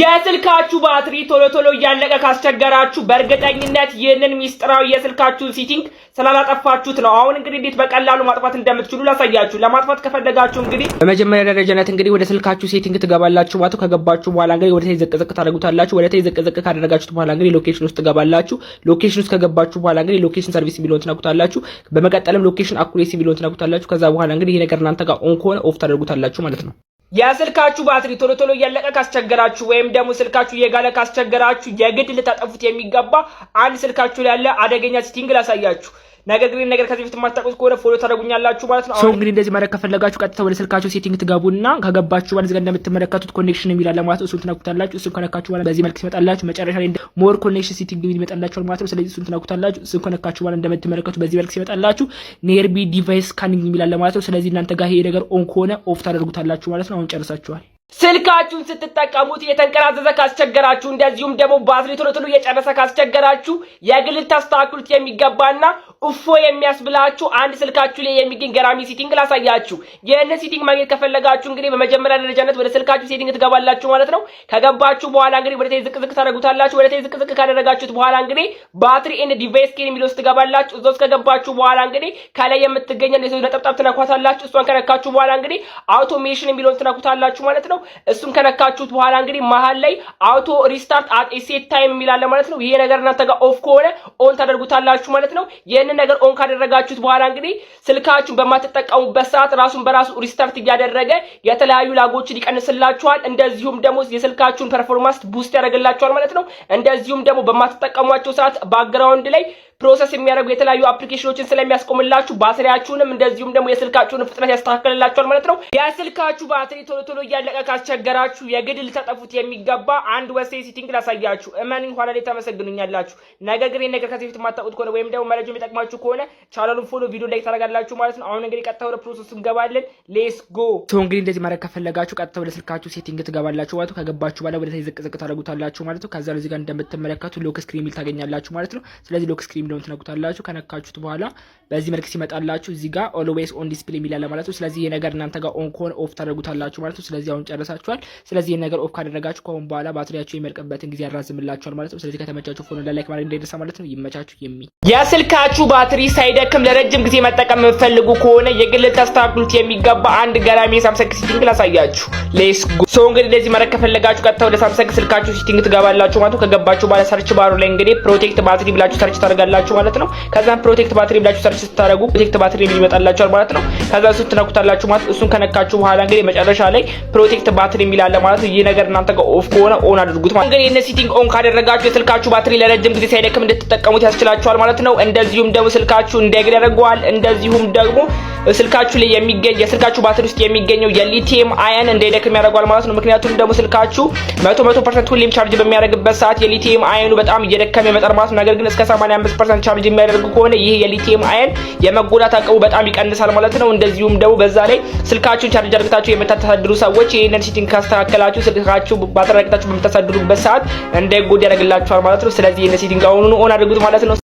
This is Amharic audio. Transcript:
የስልካችሁ ባትሪ ቶሎ ቶሎ እያለቀ ካስቸገራችሁ በእርግጠኝነት ይህንን ሚስጥራዊ የስልካችሁን ሴቲንግ ስላላጠፋችሁት ነው። አሁን እንግዲህ እንዴት በቀላሉ ማጥፋት እንደምትችሉ ላሳያችሁ። ለማጥፋት ከፈለጋችሁ እንግዲህ በመጀመሪያ ደረጃነት እንግዲህ ወደ ስልካችሁ ሴቲንግ ትገባላችሁ ማለት ከገባችሁ በኋላ እንግዲህ ወደ ዘቅዘቅ ታደርጉታላችሁ። ወደ ዘቅዘቅ ካደረጋችሁት በኋላ እንግዲህ ሎኬሽን ውስጥ ትገባላችሁ። ሎኬሽን ውስጥ ከገባችሁ በኋላ እንግዲህ ሎኬሽን ሰርቪስ የሚለውን ትነኩታላችሁ። በመቀጠልም ሎኬሽን አኩሬሲ የሚለውን ትነኩታላችሁ። ከዛ በኋላ እንግዲህ ይሄ ነገር እናንተ ጋር ኦን ከሆነ ኦፍ ታደርጉታላችሁ ማለት ነው። የስልካችሁ ባትሪ ቶሎ ቶሎ እያለቀ ካስቸገራችሁ ወይም ደግሞ ስልካችሁ እየጋለ ካስቸገራችሁ የግድ ልታጠፉት የሚገባ አንድ ስልካችሁ ላይ ያለ አደገኛ ሲቲንግ ላሳያችሁ። ነገር ግን ነገር ከዚህ በፊት የማታውቁት ከሆነ ፎሎ ታደርጉኛላችሁ ማለት ነው። ሰው እንግዲህ እንደዚህ ማድረግ ከፈለጋችሁ ቀጥታ ወደ ስልካችሁ ሴቲንግ ትገቡና ከገባችሁ በኋላ እዚህ ጋር እንደምትመለከቱት ኮኔክሽን የሚላለ ማለት ነው። እሱን ትነኩታላችሁ። እሱን ከነካችሁ በኋላ በዚህ መልክ ሲመጣላችሁ መጨረሻ ላይ ሞር ኮኔክሽን ሴቲንግ የሚል ይመጣላችኋል ማለት ነው። ስለዚህ እሱን ትነኩታላችሁ። እሱን ከነካችሁ በኋላ እንደምትመለከቱት በዚህ መልክ ሲመጣላችሁ ኔርቢ ዲቫይስ ስካኒንግ የሚላለ ማለት ነው። ስለዚህ እናንተ ጋር ይሄ ነገር ኦን ከሆነ ኦፍ ታደርጉታላችሁ ማለት ነው። አሁን ጨርሳችኋል። ስልካችሁን ስትጠቀሙት የተንቀራዘዘ ካስቸገራችሁ እንደዚሁም ደግሞ ባትሪ ቶሎ ቶሎ እየጨረሰ ካስቸገራችሁ የግል ታስተካክሉት የሚገባና እፎ የሚያስብላችሁ አንድ ስልካችሁ ላይ የሚገኝ ገራሚ ሴቲንግ ላሳያችሁ። ይህንን ሴቲንግ ማግኘት ከፈለጋችሁ እንግዲህ በመጀመሪያ ደረጃነት ወደ ስልካችሁ ሴቲንግ ትገባላችሁ ማለት ነው። ከገባችሁ በኋላ እንግዲህ ወደ ዝቅዝቅ ታደረጉታላችሁ። ወደ ዝቅዝቅ ካደረጋችሁት በኋላ እንግዲህ ባትሪ ኤንድ ዲቫይስ ኬር የሚለው ውስጥ ትገባላችሁ። እዛ ውስጥ ከገባችሁ በኋላ እንግዲህ ከላይ የምትገኘ ነጠብጣብ ትነኳታላችሁ። እሷን ከነካችሁ በኋላ እንግዲህ አውቶሜሽን የሚለውን ትነኩታላችሁ ማለት ነው። እሱን ከነካችሁት በኋላ እንግዲህ መሀል ላይ አውቶ ሪስታርት አት ሴት ታይም የሚላለ ማለት ነው። ይሄ ነገር እናንተ ጋር ኦፍ ከሆነ ኦን ታደርጉታላችሁ ማለት ነው። ይህንን ነገር ኦን ካደረጋችሁት በኋላ እንግዲህ ስልካችሁን በማትጠቀሙበት ሰዓት ራሱን በራሱ ሪስታርት እያደረገ የተለያዩ ላጎችን ይቀንስላችኋል። እንደዚሁም ደግሞ የስልካችሁን ፐርፎርማንስ ቡስት ያደርግላችኋል ማለት ነው። እንደዚሁም ደግሞ በማትጠቀሟቸው ሰዓት ባክግራውንድ ላይ ፕሮሰስ የሚያደርጉ የተለያዩ አፕሊኬሽኖችን ስለሚያስቆምላችሁ ባትሪያችሁንም እንደዚሁም ደግሞ የስልካችሁን ፍጥነት ያስተካክልላችኋል ማለት ነው። የስልካችሁ ባትሪ ቶሎ ቶሎ እያለቀ ካስቸገራችሁ የግድ ልታጠፉት የሚገባ አንድ ወሳኝ ሴቲንግ ላሳያችሁ። እመን ኋላ ላይ ተመሰግኑኛላችሁ። ነገር ግን ነገር ከዚህ በፊት የማታውቁት ከሆነ ወይም ደግሞ መረጃ የሚጠቅማችሁ ከሆነ ቻናሉን ፎሎ፣ ቪዲዮ ላይ ታደርጋላችሁ ማለት ነው። አሁን እንግዲህ ቀጥታ ወደ ፕሮሰስ እንገባለን። ሌስ ጎ ሰው እንግዲህ እንደዚህ ማድረግ ከፈለጋችሁ ቀጥታ ወደ ስልካችሁ ሴቲንግ ትገባላችሁ ማለት ነው። ከገባችሁ በኋላ ወደ ዝቅ ዝቅ ታደርጉታላችሁ ማለት ነው። ከዛ እዚህ ጋር እንደምትመለከቱ ሎክ ስክሪን የሚል ታገኛላችሁ ማለት ነው። ስለዚህ ሎክ ስክሪን የሚለውን ትነቁታላችሁ። ከነካችሁት በኋላ በዚህ መልክ ሲመጣላችሁ እዚህ ጋር ኦልዌይስ ኦን ዲስፕሌይ የሚላለ ማለት ነው። ስለዚህ ይህ ነገር እናንተ ጋር ኦን ከሆነ ኦፍ ታደርጉታላችሁ ማለት ነው። ስለዚህ አሁን ጨረሳችኋል። ስለዚህ ይህ ነገር ኦፍ ካደረጋችሁ ከአሁን በኋላ ባትሪያችሁ የሚያልቅበትን ጊዜ ያራዝምላችኋል ማለት ነው። ስለዚህ ከተመቻችሁ ፎን ላይ ላይክ ማድረግ እንዳይደርሳ ማለት ነው። ይመቻችሁ። የሚ የስልካችሁ ባትሪ ሳይደክም ለረጅም ጊዜ መጠቀም የምትፈልጉ ከሆነ የግል ተስተካክሉት የሚገባ አንድ ገራሚ የሳምሰንግ ሲቲንግ ላሳያችሁ። ሌስ ጎ ሶ እንግዲህ እንደዚህ ማድረግ ከፈለጋችሁ ቀጥታ ወደ ሳምሰንግ ስልካችሁ ሲቲንግ ትገባላችሁ ማለት ነው። ከገባችሁ በኋላ ሰርች ባሩ ላይ እንግዲህ ፕሮቴክት ባትሪ ብላችሁ ሰርች ታደርጋላችሁ። ትችላላችሁ ማለት ነው። ከዛም ፕሮቴክት ባትሪ ብላችሁ ሰርች ስታደርጉ ፕሮቴክት ባትሪ ይመጣላችኋል ማለት ነው። ከዛ እሱን ትነኩታላችሁ ማለት እሱን ከነካችሁ በኋላ እንግዲህ መጨረሻ ላይ ፕሮቴክት ባትሪ የሚላለ ማለት ነው። ይህ ነገር እናንተ ጋር ኦፍ ከሆነ ኦን አድርጉት ማለት እንግዲህ እነ ሲቲንግ ኦን ካደረጋችሁ የስልካችሁ ባትሪ ለረጅም ጊዜ ሳይደክም እንድትጠቀሙት ያስችላችኋል ማለት ነው። እንደዚሁም ደግሞ ስልካችሁ እንዳይግል ያደርገዋል። እንደዚሁም ደግሞ ስልካችሁ ላይ የሚገኝ የስልካችሁ ባትሪ ውስጥ የሚገኘው የሊቲየም አየን እንዳይደክም ያደርገዋል ማለት ነው። ምክንያቱም ደግሞ ስልካችሁ መቶ መቶ ፐርሰንት ሁሌም ቻርጅ በሚያደርግበት ሰዓት የሊቲየም አየኑ በጣም እየደከመ ይመጣል ማለት ነው። ነገር ግን እስከ 85 ፐርሰንት ቻርጅ የሚያደርግ ከሆነ ይህ የሊቲየም አየን የመጎዳት አቅሙ በጣም ይቀንሳል ማለት ነው። እንደዚሁም ደግሞ በዛ ላይ ስልካችሁን ቻርጅ አድርግታችሁ የምታሳድሩ ሰዎች ይህንን ሲቲንግ ካስተካከላችሁ ስልካችሁ ባትሪ አድርግታችሁ በምታሳድሩበት ሰዓት እንዳይጎዳ ያደርግላችኋል ማለት ነው። ስለዚህ ይህን ሲቲንግ አሁኑኑ ኦን አድርጉት ማለት ነው።